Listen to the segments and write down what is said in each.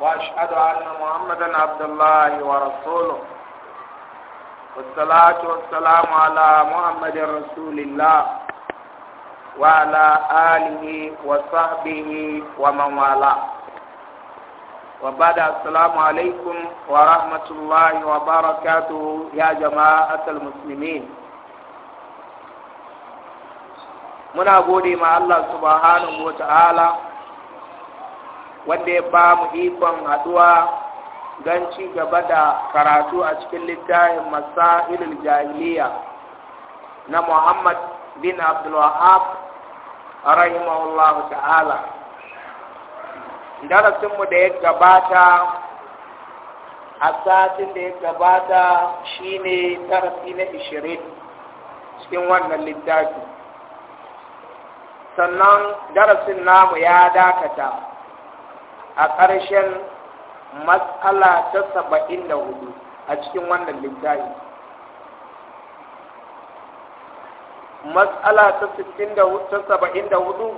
وأشهد أن محمدا عبد الله ورسوله والصلاة والسلام على محمد رسول الله وعلى آله وصحبه ومن والاه وبعد السلام عليكم ورحمة الله وبركاته يا جماعة المسلمين muna gode ma Allah subhanahu wa ta'ala wanda ya ba mu ikon haduwa don ci gaba da karatu a cikin littafin masailul jahiliya na muhammad bin abdulwahab rahimahullahu ta'ala darasinmu da ya gabata a satin da ya gabata shine tarafi na ishirin cikin wannan littafi sannan darasin namu ya dakata a ƙarshen matsala ta saba'in da hudu a cikin wannan littafi matsala ta ta saba'in da hudu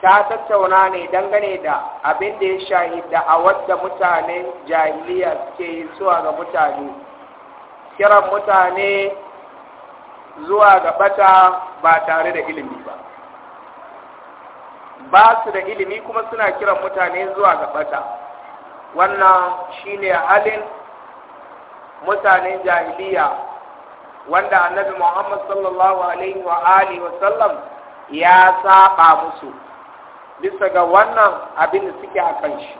ta tattauna ne dangane da abin da ya shahida a wadda mutanen jahiliya suke yi zuwa ga mutane kiran mutane zuwa ga bata ba tare da ilimi ba ba su da ilimi kuma suna kiran mutane zuwa ga bata wannan shine halin mutanen jahiliya wanda annabi Muhammad sallallahu alaihi wa alihi wa sallam ya saba musu bisa ga wannan abin da suke a kan shi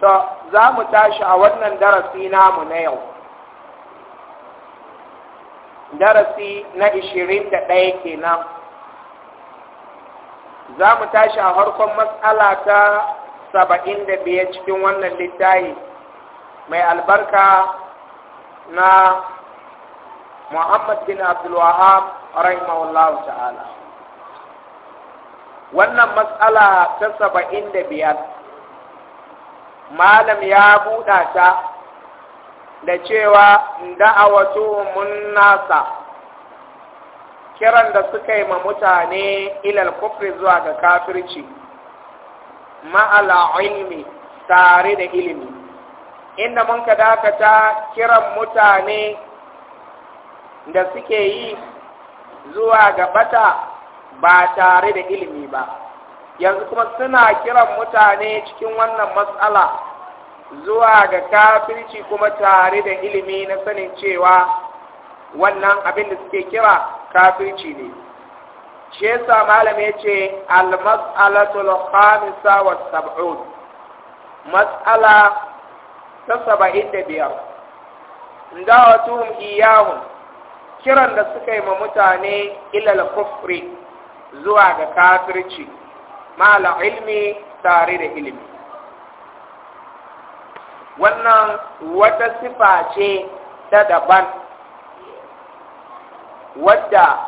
to za mu tashi a wannan darasi namu na yau darasi na 21 kenan za mu tashi a harkon matsala ta saba'in da biyar cikin wannan littayi mai albarka na muhammad bin abdulwahab rahimahullahu ta'ala wannan matsala ta saba'in da biyar malam ya buɗata da cewa da'awatu mun nasa kiran da suka yi ma mutane ilal kufri zuwa ga kafirci ma'ala ilmi tare da ilimi inda mun ka dakata kiran mutane da suke yi zuwa ga bata ba tare da ilimi ba yanzu kuma suna kiran mutane cikin wannan matsala zuwa ga kafirci kuma tare da ilimi na sanin cewa wannan abin da suke kira kafirci ne shi yasa malam ya ce almas'alatul khamisa wa sab'un mas'ala ta saba'in da biyar da'atuhum iyahum kiran da suka yi ma mutane ilal kufri zuwa ga kafirci mala ilmi tare da ilimi wannan wata sifa ce ta daban wadda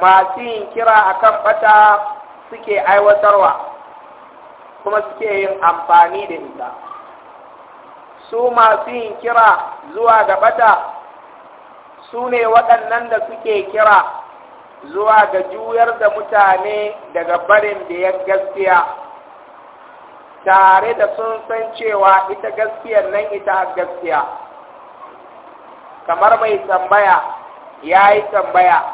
masu yin kira a kan bata suke aiwatarwa kuma suke yin amfani da ita su masu yin kira zuwa ga bata su ne waɗannan da suke kira zuwa ga juyar da mutane daga barin da ya gaskiya tare da sun san cewa ita gaskiyar nan ita gaskiya kamar mai tambaya ya yi tambaya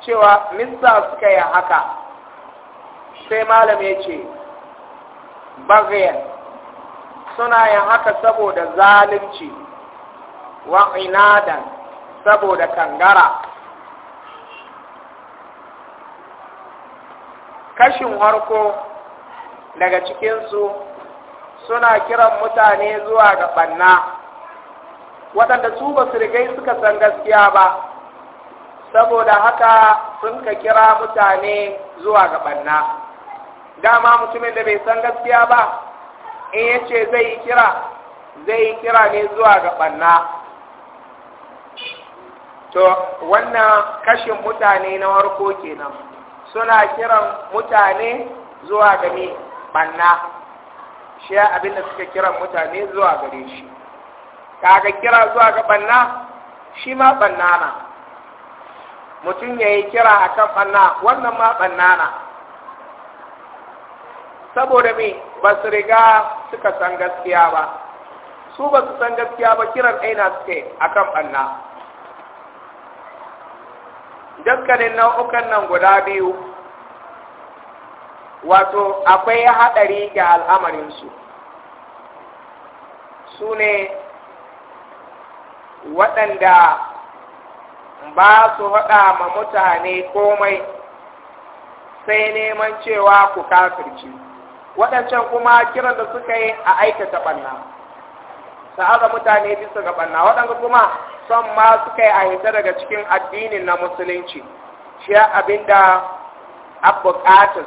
cewa mista suka yi haka sai malam ya ce bagayen suna yi haka saboda zalunci wa inadan saboda kangara kashin harko daga cikinsu suna kiran mutane zuwa ga ɓanna waɗanda su ba su rigai suka san gaskiya ba saboda haka sun ka kira mutane zuwa ga ɓanna, dama mutumin da bai san gaskiya ba in ya ce zai yi kira zai yi kira ne zuwa ga ɓanna. to wannan kashin mutane na warko kenan suna kiran mutane zuwa ga mi ɓanna shi abinda suka kiran mutane zuwa gare shi kaga kira zuwa ga ɓanna? shi ma ɓanna na mutum ya yi kira a kan ɓanna wannan ma ɓanna na saboda me ba su riga suka san gaskiya ba su ba su san gaskiya ba kiran aina suke a kan ɓanna dukkanin nau'ukan nan guda biyu wato akwai haɗari ga al'amarinsu su ne waɗanda ba su faɗa ma mutane komai sai neman cewa ku kafirci waɗancan kuma kiran da suka yi a aikata ɓanna sa'aza mutane bisa ga ɓanna waɗanda kuma son ma suka yi a hita daga cikin addinin na musulunci shi abin da a su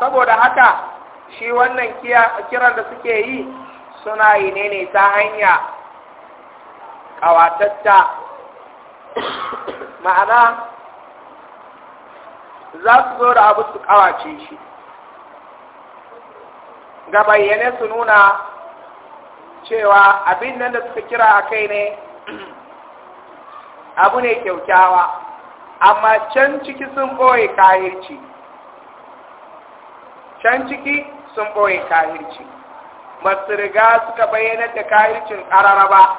saboda haka shi wannan kiran da suke yi suna yi ne ne ta hanya ƙawatatta ma'ana za su zo da abu su ƙawace shi ga bayyane su nuna cewa abin nan da suka kira a kai ne abu ne kyaukyawa amma can ciki sun ɓoye kahirci can ciki sun ɓoye kahirci masu riga suka bayyana da kahircin ƙararraba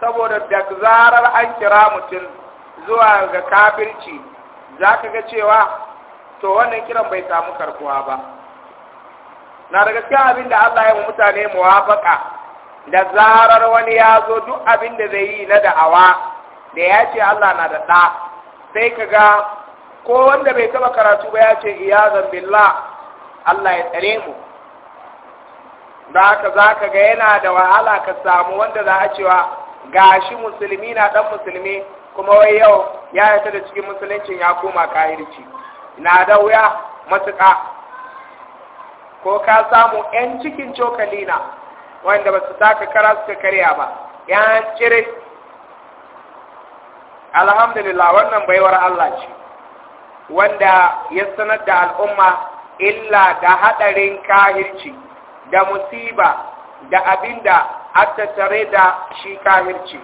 saboda da zarar an kira mutum zuwa ga kafirci za ka ga cewa to wannan kiran bai samu karkuwa ba na da gaskiya abin da Allah ya mu mutane muwafaka da zarar wani ya zo duk abin da zai yi na da'awa da ya ce Allah na da ɗa sai ka ga ko wanda bai taba karatu ba ya ce iyazan billah Allah ya tsare mu da haka za ka ga yana da wahala ka samu wanda za a cewa gashi musulmi na dan musulmi kuma wai yau ya yarda da cikin musuluncin ya koma kahirci na da wuya matuƙa ko ka samu 'yan cikin cokali na wanda ba su taka kara suka karya ba yan cire alhamdulillah wannan baiwar Allah ce wanda ya sanar da al'umma illa da haɗarin kahirci da musiba da abinda a tare da shi kafirci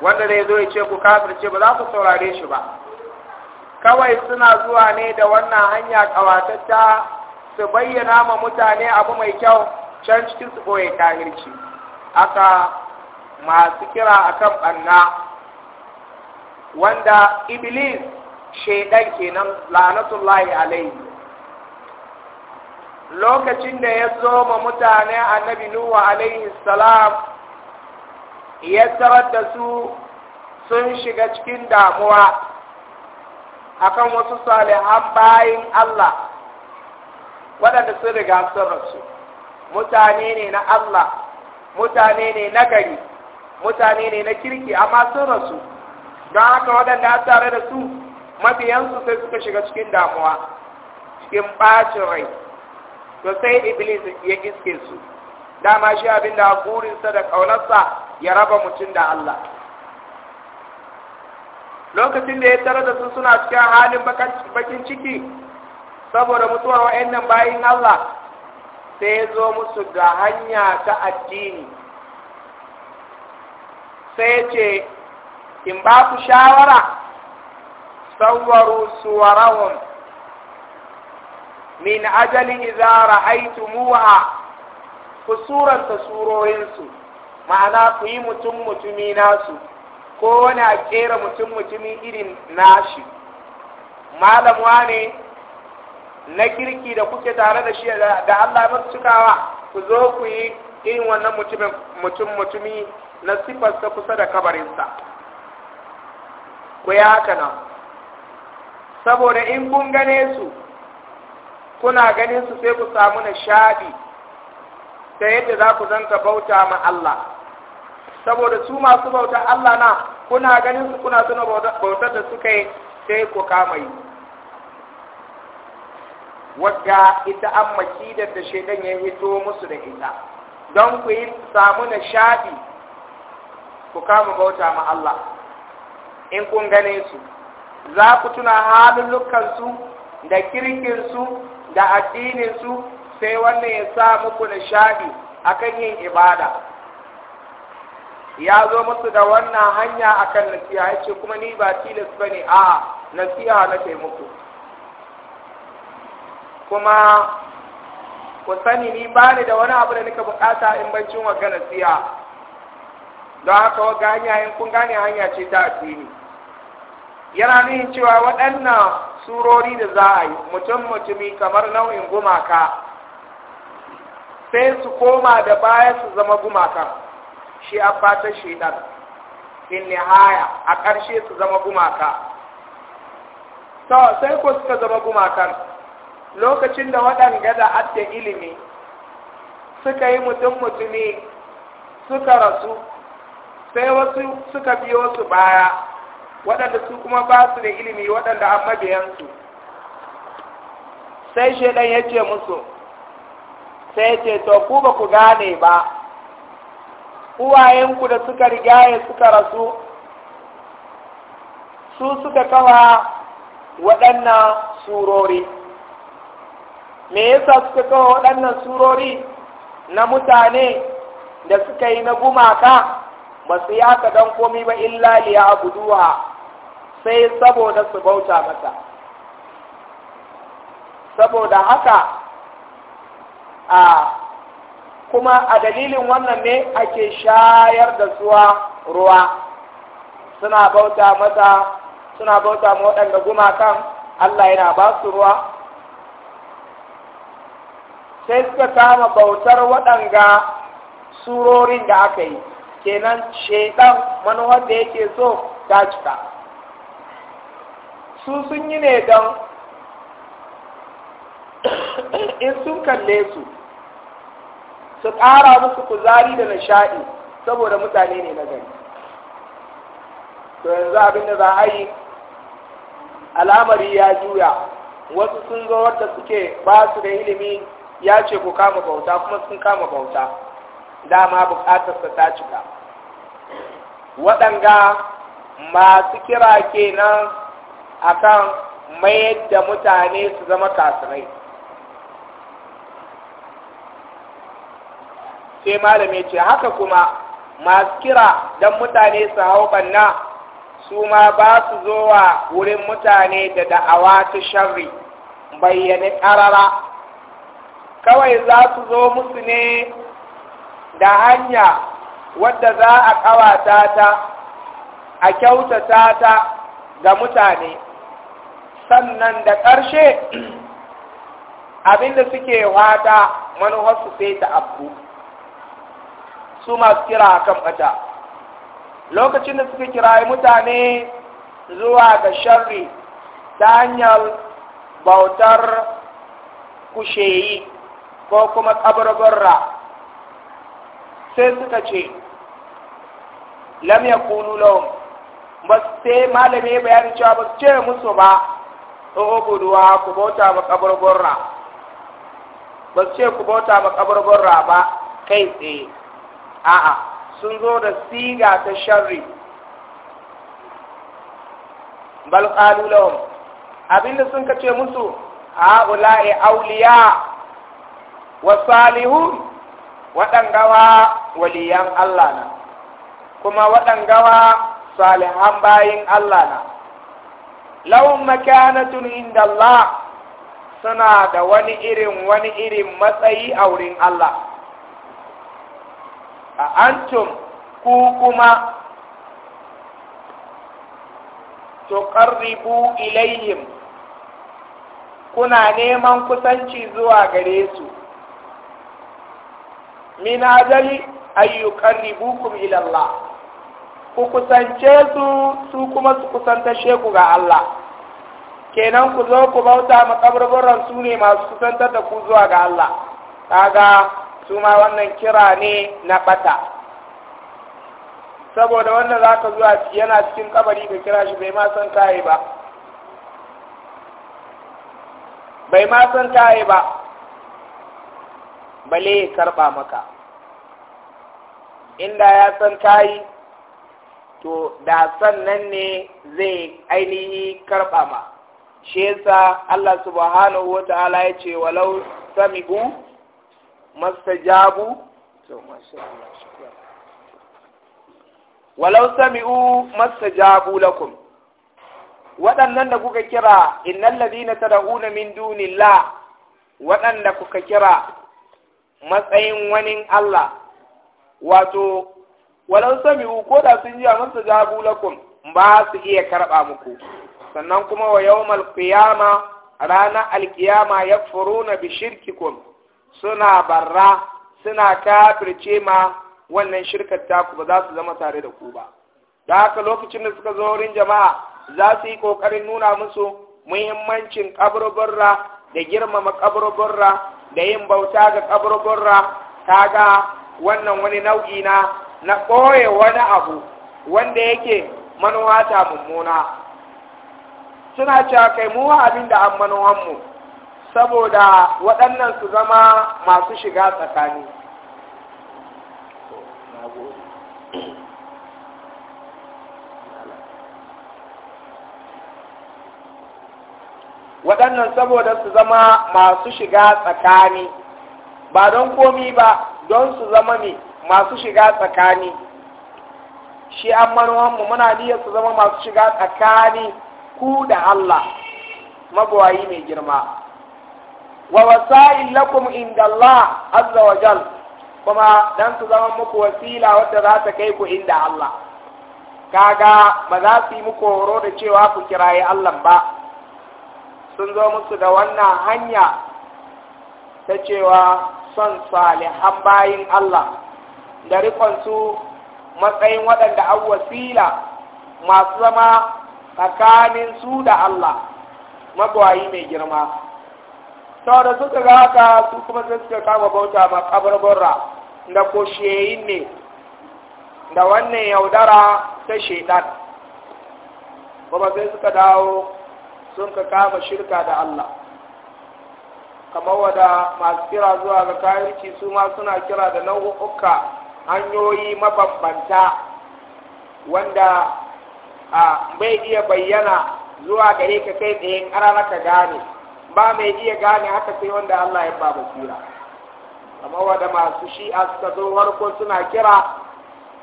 wanda zai zo ya ce ku kafirce ba za ku saurare shi ba kawai suna zuwa ne da wannan hanya kawatatta su bayyana ma mutane abu mai kyau can cikin su koyi kafirci aka masu kira akan ɓanna wanda iblis shaidan kenan lanatullahi alaihi lokacin da ya zo ma mutane annabi Nuhu alaihi salam ya tarar da su sun shiga cikin damuwa akan wasu salihan bayin Allah waɗanda sun riga sun rasu mutane ne na Allah mutane ne na gari mutane ne na kirki amma sun rasu don haka waɗanda tare da su mabiyansu sai suka shiga cikin damuwa cikin ɓacin rai to sai iblis ya iske su dama shi abin da burinsa da ƙaunarsa ya raba mutum da Allah lokacin da ya tare da su suna cikin halin bakin ciki saboda mutuwar wa'annan bayin Allah sai ya zo musu da hanya ta addini sai ya ce in ba ku shawara sauwaru suwarahun min ajalin idza ra'aytumuha ku suranta surorinsu ma'ana ku yi mutum mutumi nasu ko wani a kera mutum mutumi irin nashi malam ne na kirki da kuke tare da shi da Allah ya cikawa ku zo ku yi irin wannan mutum mutumi na sifarsa kusa da kabarinsa ku yi haka nan saboda in kun gane su kuna ganin su sai ku samu nishadi ta yadda za ku zanta bauta ma Allah saboda su masu bauta Allah na kuna ganin su kuna suna bautar da suka yi sai ku kama yi wadda ita an makidar da shaidan ya hito musu da ita don ku yi samu nishadi ku kama bauta ma Allah in kun gane su za ku tuna halin lukansu da kirkinsu da addinin su, sai wannan ya sa muku nishadi akan yin ibada ya zo musu da wannan hanya akan nasiha ya ce kuma ni ba tilas ba ne a nasiha na muku kuma ku sani ni ba ni da wani abu da nika bukata in bancin waga nasiha don haka waga hanya in kun gane hanya ce ta addini yana nuhin cewa waɗannan surori da za a yi mutum mutumi kamar nau'in gumaka sai su koma da baya su zama gumakan shi a fata ɗan in nihaya a ƙarshe su zama gumaka sai ko suka zama gumakan lokacin da waɗanda da adda ilimi suka yi mutum mutumi suka rasu sai wasu suka biyo su baya waɗanda su kuma ba su da ilimi waɗanda an mabiyansu sai shaidan ya ce musu sai ce to ku ba ku gane ba uwayenku da suka rigaye suka rasu su suka kawa waɗannan surori me yasa suka kawa waɗannan surori na mutane da suka yi na gumaka ba su yaka don komi ba illa liya abuduwa sai saboda su bauta mata saboda haka a kuma a dalilin wannan ne ake shayar da zuwa ruwa suna bauta mata suna bauta ma waɗanda gumakan Allah yana ba su ruwa sai suka kama bautar waɗanga surorin da aka yi kenan shaidan manuwar da yake so ta cika su sun yi ne don in sun kalle su su ƙara musu kuzari da nishaɗi saboda mutane ne na gari to yanzu abin da za a yi al'amari ya juya wasu sun zo wadda suke ba su da ilimi ya ce ku kama bauta kuma sun kama bauta dama sa ta cika waɗanga masu kira kenan akan mayar da mutane su zama kasirai sai malami ce haka kuma masu kira don mutane su hau banna su ma ba su zowa wurin mutane da da'awa ta sharri bayyane ƙarara kawai za su zo musu ne da hanya wadda za a ƙawata ta a kyautata ta ga mutane sannan da ƙarshe abinda suke wata manuwarsu sai ta abu su masu kira a kan lokacin da suka kirayi mutane zuwa ga sharri ta hanyar bautar kusheyi ko kuma ƙabarbarra sai suka ce lamya kunu ba sai malami bayanin cewa ba su ce musu ba ubuduwa ku bauta ma kaburburra ba su ce ku bauta ma kaburburra ba kai tsaye a'a sun zo da siga ta sharri bal qalu abinda sun kace musu haula'i auliya wa salihun waɗangawa waliyan Allah na kuma waɗangawa salihan bayin Allah na lahum makanatun inda Allah suna da wani irin wani irin matsayi a wurin Allah a antum ku kuma tuqarribu ilayhim kuna neman kusanci zuwa gare su min ajali ayyukarribukum ila Allah ku kusance su su kuma su kusanta sheku ga Allah kenan ku zo ku bauta makabarbaran su ne masu kusantar da ku zuwa ga Allah kaga su ma wannan kira ne na bata saboda wanda za ka zuwa yana cikin kabari ka kira shi bai ma san kaye ba bai ma san kaye ba bale ya karba maka inda ya san kayi to da sannan ne zai ainihi karɓa ma shi yasa Allah subhanahu wa ta'ala ya ce walau sami'u mastajabu to masha Allah walau sami'u mastajabu lakum waɗannan da kuka kira innal ladina tad'una min dunillah waɗanda kuka kira matsayin wani Allah wato walan sami ko da sun ji a masa jabu lakum ba su iya karɓa muku sannan kuma wa yawmal qiyama ranar alkiyama yakfuruna bi shirkikum suna barra suna kafirce ma wannan shirkar taku ba za su zama tare da ku ba da haka lokacin da suka zo wurin jama'a za su yi kokarin nuna musu muhimmancin kaburburra da girmama kaburburra da yin bauta ga kaburburra kaga wannan wani nau'i na na ɓoye wani abu wanda yake manuwa ta mummuna suna cewa kai mu abin da an manuwanmu saboda waɗannan su zama masu shiga tsakani waɗannan saboda su zama masu shiga tsakani ba don komi ba don su zama ne masu shiga tsakani shi an mu muna niyyar su zama masu shiga tsakani ku da Allah magwayi mai girma wa wasa'il lakum inda Allah azza wa jal kuma dan su zama muku wasila wadda za ta kai ku inda Allah kaga ba za su yi muku horo da cewa ku kiraye Allah ba sun zo musu da wannan hanya ta cewa son salihan bayin Allah da rikonsu matsayin waɗanda an wasila masu zama tsakanin su da Allah magwayi mai girma da suka ga haka su kuma sai suka kama bauta ma kabarbarra da koshiyayin ne da wannan yaudara ta shaidan kuma sai suka dawo sun ka kama shirka da Allah kamar wada masu kira zuwa ga kayarki su ma suna kira da nau'uka hanyoyi mabambanta wanda a bai iya bayyana zuwa gare ka kai tsaye ƙarara ka gane ba mai iya gane haka sai wanda Allah ya ba basira amma wanda masu shi'a suka zo harko suna kira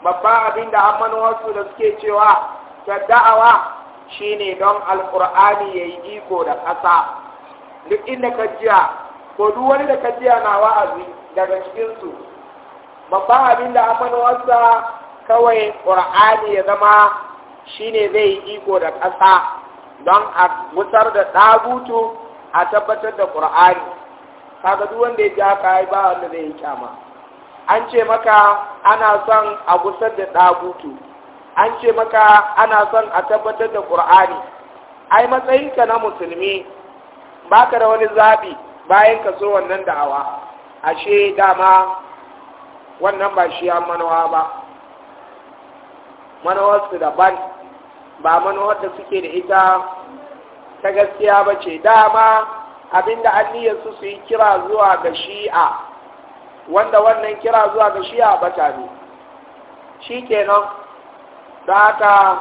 babban abin da wasu da suke cewa ta da'awa shine don alkur'ani ya yi iko da ƙasa duk inda ka jiya ko duk wani da ka jiya na wa'azi daga cikinsu babba abin da amanuwarsa kawai ƙur'ani ya zama shine zai iko da ƙasa don a wutar da ɗab'utu a tabbatar da ƙur'ani kaga wanda ya ji haka ba wanda zai yi kyama an ce maka ana son a gusar da ɗab'utu. an ce maka ana son a tabbatar da ƙur'ani ai matsayinka na musulmi baka da wani zaɓi bayan ka so wannan da'awa ashe dama wannan ba shi an manowa ba manawarsu daban ba manowar da suke da ita ta gaskiya ba ce dama abinda anniyarsu su yi kira zuwa ga shi'a wanda wannan kira zuwa ga shi'a bata ne shi kenan da haƙiƙa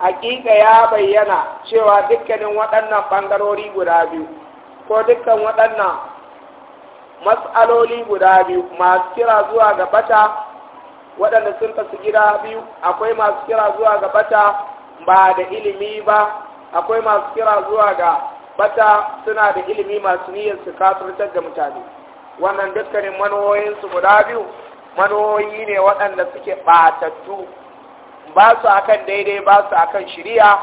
hakika ya bayyana cewa dukkanin waɗannan ɓangarori guda biyu ko dukkan waɗannan matsaloli guda biyu masu kira zuwa ga bata waɗanda sun kasu gida biyu akwai masu kira zuwa ga bata ba da ilimi ba akwai masu kira zuwa ga bata suna da ilimi masu niyyar su kafirtar da mutane wannan dukkanin manowoyinsu guda biyu manowoyi ne waɗanda suke ɓatattu ba su akan daidai ba su akan shirya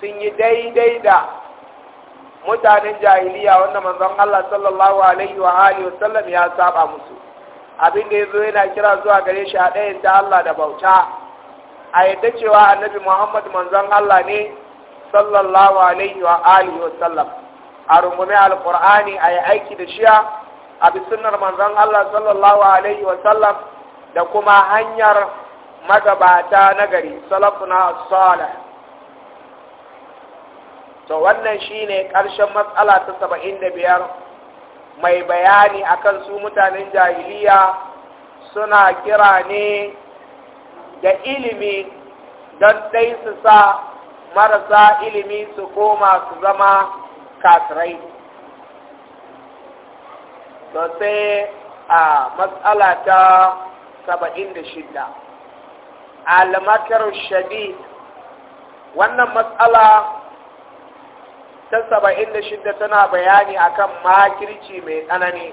sun yi daidai da mutanen jahiliya wanda manzon Allah sallallahu alaihi wa alihi wa sallam ya saba musu abin da yazo yana kira zuwa gare shi a ɗayan ta Allah da bauta a yadda cewa annabi Muhammad manzon Allah ne sallallahu alaihi wa alihi wa sallam a rungume alqur'ani a yi aiki da shi a bi sunnar manzon Allah sallallahu alaihi wa sallam da kuma hanyar magabata nagari salafuna salih to wannan shine ƙarshen matsala ta saba'in biyar mai bayani akan su mutanen jahiliya suna kira ne da ilimi don dai su sa marasa ilimi su koma su zama kafirai to sai a matsala ta saba'in da shida almakar shadi wannan matsala ta saba'in da shidda tana bayani a kan makirci mai tsanani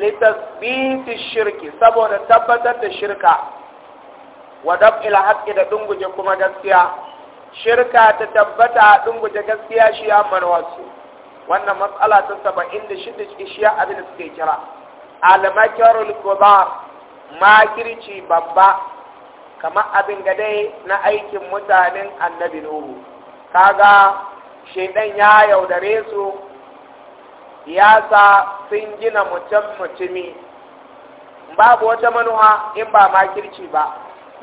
litasbiti shirki saboda tabbatar da shirka wa daf'il haƙƙi da ɗunguje kuma gaskiya shirka ta tabbata a ɗunguje gaskiya shi ya manwasu wannan matsala ta saba'in da shidda shi ya abin da suke kira al-makarul makirci babba kamar abin gadai na aikin mutanen annabi nuhu kaga shaidan ya yaudare su ya sa sun gina mutum mutumi babu wata manuwa in ba makirci ba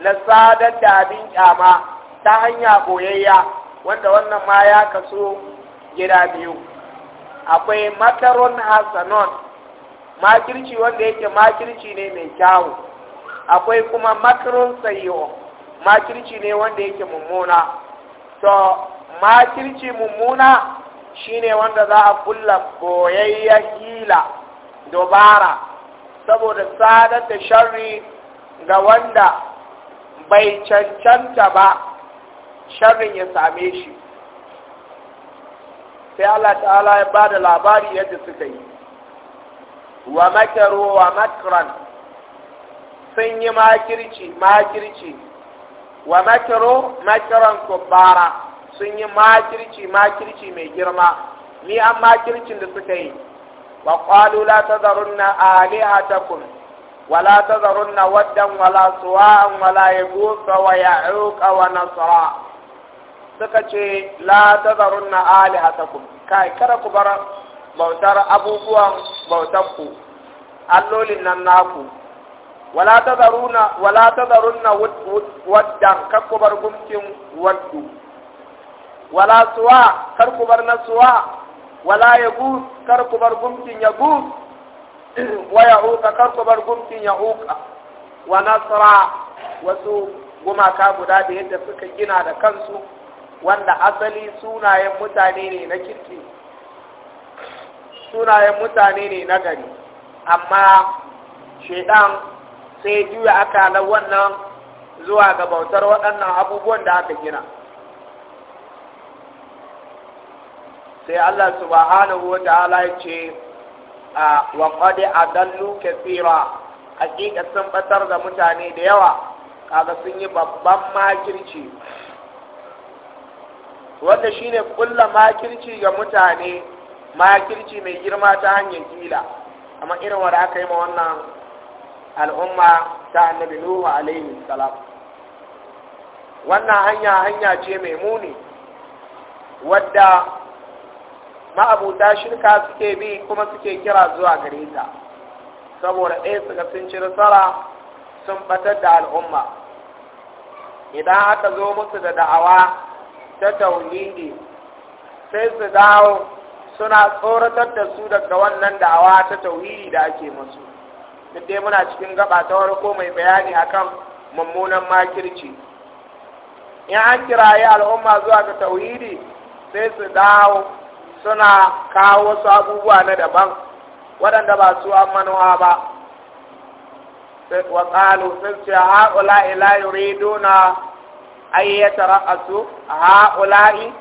na sadar da abin kyama ta hanya boyayya wanda wannan ma ya kaso gida biyu akwai makaron hasanon makirci wanda yake makirci ne mai kyawu akwai kuma makaron sayo makirci ne wanda yake mummuna to makirci mummuna shine wanda za a kulla boyayyen hila dobara saboda sadar da sharri ga wanda bai cancanta ba sharrin ya same shi sai Allah ta'ala ya ba da labari yadda suka yi wa makaro wa makaran sun yi makirci makirci wa makaro makaran kubara sun yi makirci makirci mai girma ni an makircin da suka yi wa qalu la tazarunna alihatakum wa la tazarunna waddan wa la suwa'an wa la yaghutha wa auka wa nasra suka ce la tazarunna alihatakum kai kada ku bar bautar abubuwan bautar ku allolin nan naku wala tazaruna wala tazarunna waddan kakubar gumkin waddu wala suwa kar ku bar na suwa wala ya gu kar ku bar gumtin ya gu wa ya uka kar ku bar gumtin ya uka wa nasra wasu gumaka guda da yadda suka gina da kansu wanda asali sunayen mutane ne na kirki sunayen mutane ne na gari amma shaidan sai juya aka wannan zuwa ga bautar waɗannan abubuwan da aka gina sai Allah subhanahu wa ta'ala ya ce wa qad adallu kathira hakika sun batar da mutane da yawa kaga sun yi babban makirci wanda shine ƙulla makirci ga mutane makirci mai girma ta hanyar kila amma irin wanda aka yi ma wannan al'umma ta annabi Nuhu alaihi salam wannan hanya hanya ce mai muni wadda ma'abuta shirka suke bi kuma suke kira zuwa gare ta saboda ɗaya suka sun ci nasara sun batar da al'umma idan aka zo musu da da'awa ta tauhidi sai su dawo suna tsoratar da su daga wannan da'awa ta tauhidi da ake musu duk dai muna cikin gaba ta mai bayani akan mummunan makirci in an kiraye al'umma zuwa ga tauhidi sai su dawo suna kawo wasu abubuwa na daban waɗanda ba su an manuwa ba wa ƙalu sun ce ha'ula ila yuriduna ayyata ra'asu ha'ula'i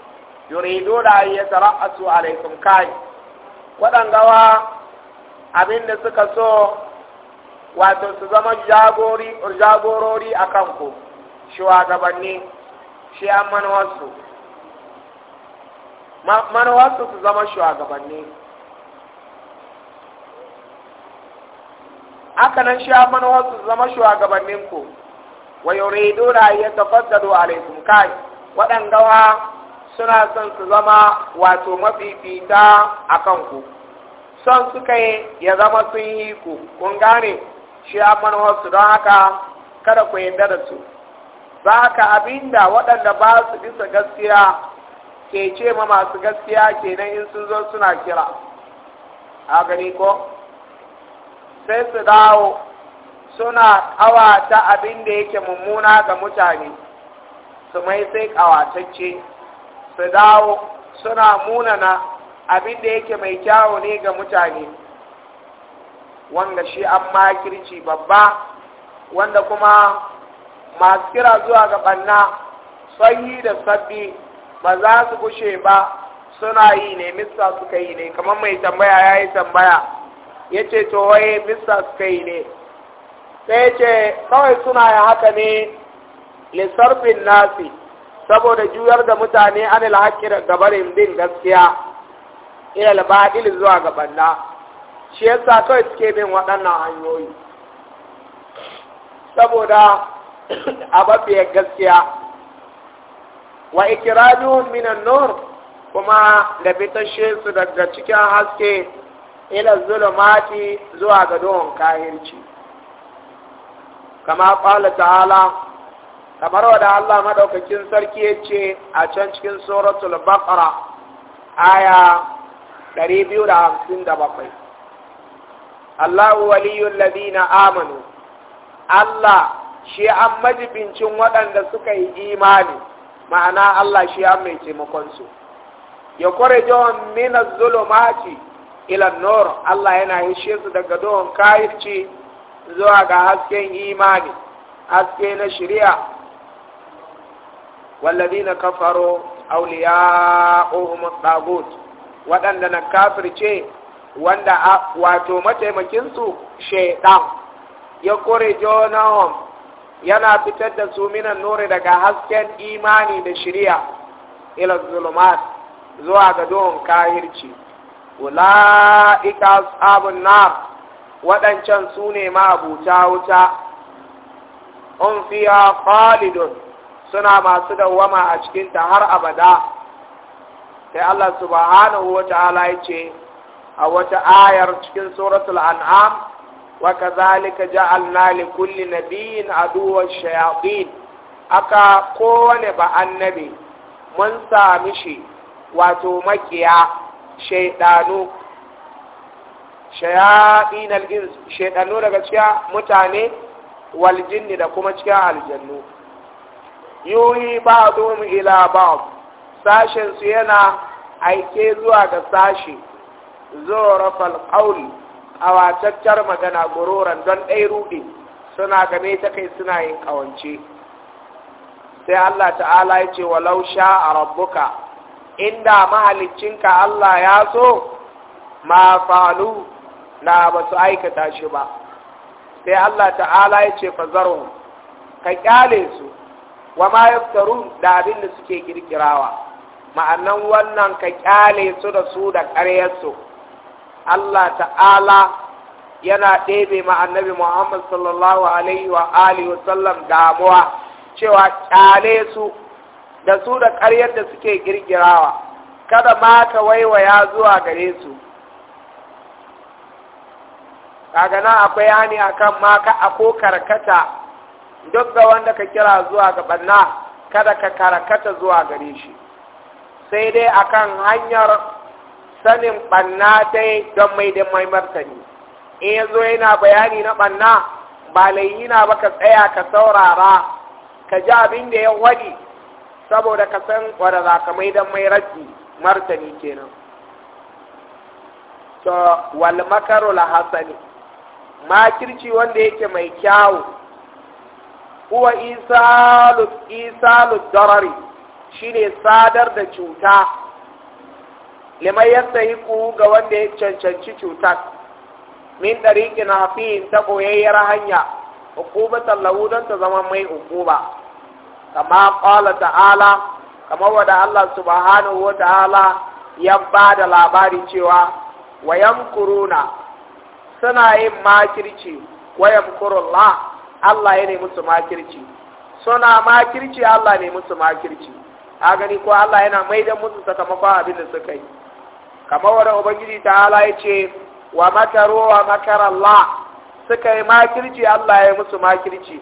yuriduna ayyata ra'asu alaikum kai waɗangawa abin da suka so wato su zama jagorori a kanku shi wa gabanni shi an manuwarsu manawarsu su zama shugabanni aka nan sha manawarsu su zama shugabanninku wa yuridu la alaikum kai waɗangawa suna son su zama wato mafifita a kanku son suka yi ya zama sun yi ku kun gane shi a don haka kada ku yarda da su za ka abinda waɗanda ba su bisa gaskiya ke ce ma masu gaskiya kenan in sun zo suna kira a gani ko sai su dawo suna kawata abin da yake mummuna ga mutane su mai sai kawatacce su dawo suna munana abin da yake mai kyawo ne ga mutane wanda shi an makirci babba wanda kuma masu kira zuwa ga banna tsayi da sabbi ba za su gushe ba suna yi ne mista suka yi ne kamar mai tambaya ya yi tambaya ya ce to wai mista suka yi ne sai ce kawai suna yi haka ne lissarfin nasi saboda juyar da mutane an ilhaƙi da gabarin bin gaskiya ilal baɗil zuwa ga shi shi yasa kawai suke bin waɗannan hanyoyi saboda a bafiyar gaskiya wa ikirajun minan nur kuma da fitashe su daga cikin haske ila zulumati zuwa ga duhun kahirci kama qala ta'ala kamar da Allah madaukakin sarki yace a can cikin suratul baqara aya 257 Allahu waliyul ladina amanu Allah shi an majibincin waɗanda suka yi imani ma'ana Allah shi ya mai taimakonsu ya kware jawon mina zulumati ila nor Allah yana hishe su daga dohon kayirci zuwa ga hasken imani haske na shari'a na kafaro auliya ohun taghut wadanda na kafirce wanda wato mataimakinsu su ya kore jonahum yana fitar da su minan nuri daga hasken imani da shiriya ila zulumat zuwa ga duhun kahirci ula'ika abun nar waɗancan su ne ma abuta wuta un fiya khalidun suna masu dawwama a cikinta har abada sai Allah subhanahu wa ta'ala ya ce a wata ayar cikin suratul an'am وكذلك جعلنا لكل نبي عدو الشياطين aka kowane ba annabi mun sami shi wato makiya shaidanu shayaɗin shaidanu daga cikin mutane waljinni da kuma cikin aljannu yuyi ba domin ila ba sashensu yana aike zuwa ga sashi zuwa rafal ƙauli a wacaccar magana guroran don ɗai ruɗe suna game ta kai suna yin ƙawance sai Allah ta'ala ya ce walau sha a rabbuka inda mahalicinka Allah ya so ma falu na ba su aikata shi ba sai Allah ta'ala ya ce fazaru ka kyale su wa ma da abin da suke kirkirawa ma'annan wannan ka ƙyale su da su da ƙaryarsu Allah ta'ala yana ɗebe ma annabi Muhammad sallallahu alaihi wa alihi wa sallam damuwa cewa kyale su da su da ƙaryar da suke girgirawa kada ma ka waiwaya zuwa gare su kaga na akwai yani akan ma ka ako karkata duk da wanda ka kira zuwa ga banna kada ka karkata zuwa gare shi sai dai akan hanyar sanin ɓanna ta don mai da mai martani in ya zo yana bayani na ɓanna ba layi na ba ka tsaya ka saurara ka ji abin da ya waɗi saboda ka san wadda za ka mai da mai rafi martani kenan to wal makaru la hasani makirci wanda yake mai kyawu huwa isalu isalu darari shine sadar da cuta liman ku ga wanda ya cancanci cutar min ɗari dariqin hafin ta koyayyar hanya hukumatan lahu don ta zama mai hukuma kama ƙwala ta'ala kama wada Allah subhanahu wa ta'ala ya ba da labari cewa wayan kuruna suna yin makirci wayan kurullah Allah ya nemi su makirci suna makirci Allah ne musu makirci a gani ko Allah yana maidan musu sakamakon abin da suka yi kamar wanda ubangiji hala ya ce wa makaro wa makar Allah suka yi makirci Allah ya musu makirci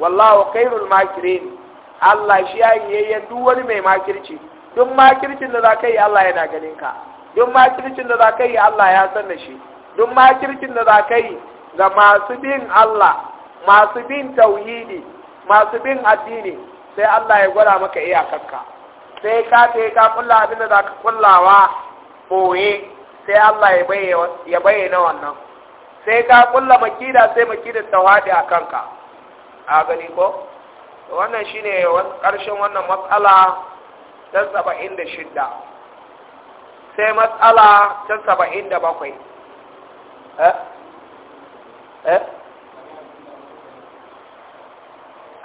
wallahu khairul makirin Allah shi ya yi duk wani mai makirci duk makircin da ka yi Allah yana ganin ka duk makircin da ka yi Allah ya san da shi duk makircin da ka yi ga masu bin Allah masu bin tauhidi masu bin addini sai Allah ya gwada maka iyakarka sai ka ta ka kulla abin da ka kullawa boye sai Allah ya bayyana wannan sai ka kulla makida sai makidar ta wadi a kanka a gani ko wannan shine karshen wannan matsala ta shidda. sai matsala ta 77 eh eh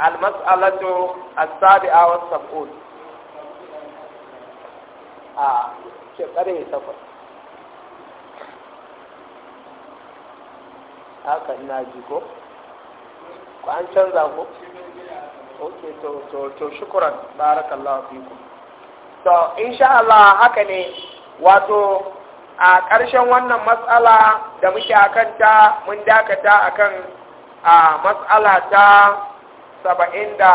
المسألة السابعة والسبعون آه. wuce ƙarfe takwas haka ina ji ko ko an canza ko ok to to to shukran barakallahu fikum to insha Allah haka ne wato a ƙarshen wannan matsala da muke akan ta mun dakata akan a matsala ta saba'in da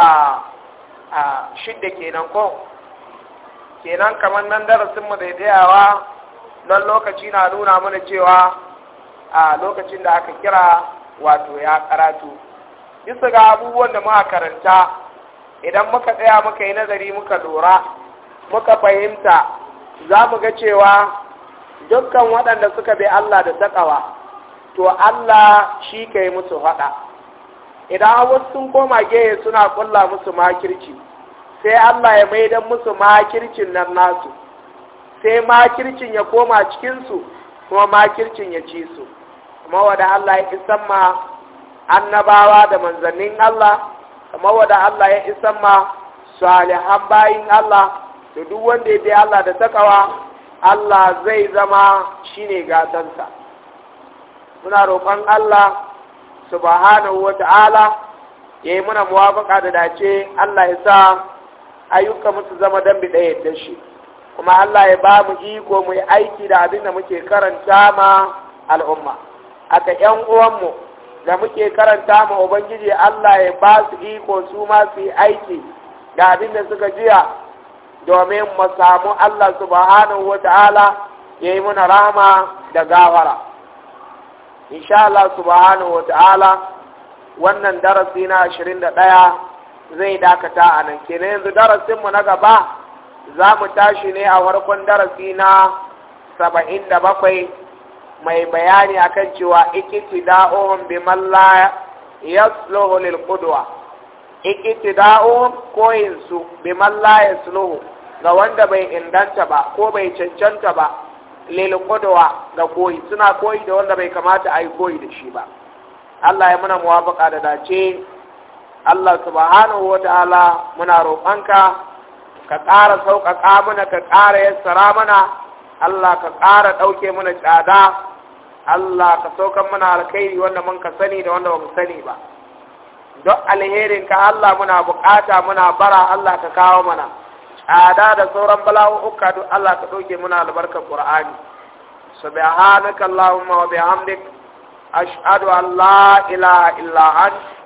shidda kenan ko kenan kamar nan darasinmu da tsayawa don lokaci na nuna mana cewa a lokacin da aka kira wato ya karatu bisa ga abubuwan da muka karanta idan muka tsaya muka yi nazari muka dora muka fahimta za mu ga cewa dukkan waɗanda suka bi Allah da taƙawa to Allah shi ka yi musu haɗa. idan wasu sun koma geye suna ƙulla musu makirci sai Allah ya maidan musu makircin nan nasu sai makircin ya koma cikinsu kuma makircin ya ci su kuma wada Allah ya isan ma annabawa da manzannin Allah kuma wada Allah ya isan ma salihan bayin Allah da duk wanda ya bi Allah da takawa Allah zai zama shine gatansa muna roƙon Allah subhanahu wata'ala ya yi muna muwafaka da dace Allah ya sa ayyuka musu zama dan bi ɗaya da shi kuma Allah ya ba mu iko mu yi aiki da abin da muke karanta ma al'umma aka ƴan uwanmu da muke karanta ma ubangiji Allah ya ba su iko su ma su yi aiki da abin da suka jiya domin mu samu Allah subhanahu wata'ala ya yi muna rahama da gawara insha Allah subhanahu wata'ala wannan darasi na ɗaya. zai dakata a nan kenan yanzu darasinmu na gaba za mu tashi ne a farkon darasi na saba'in da bakwai mai bayani a kan cewa ikiti ikitida'uhum bi malla yasluhu lil qudwa ikiti koyin su bi malla yasluhu ga wanda bai indanta ba ko bai cancanta ba lil ga koyi suna koyi da wanda bai kamata a yi koyi da shi ba Allah ya muna muwafaka da dace Allah subhanahu wa ta'ala muna roƙonka ka ƙara sauƙaƙa mana ka ƙara yassara mana Allah ka ƙara ɗauke mana tsada Allah ka saukan mana alkhairi wanda mun ka sani da wanda ba mu sani ba duk alherin ka Allah muna buƙata muna bara Allah ka kawo mana tsada da sauran bala'u'uka duk Allah ka ɗauke muna albarkar Qur'ani سبحانك اللهم وبحمدك أشهد أن لا إله illa أنت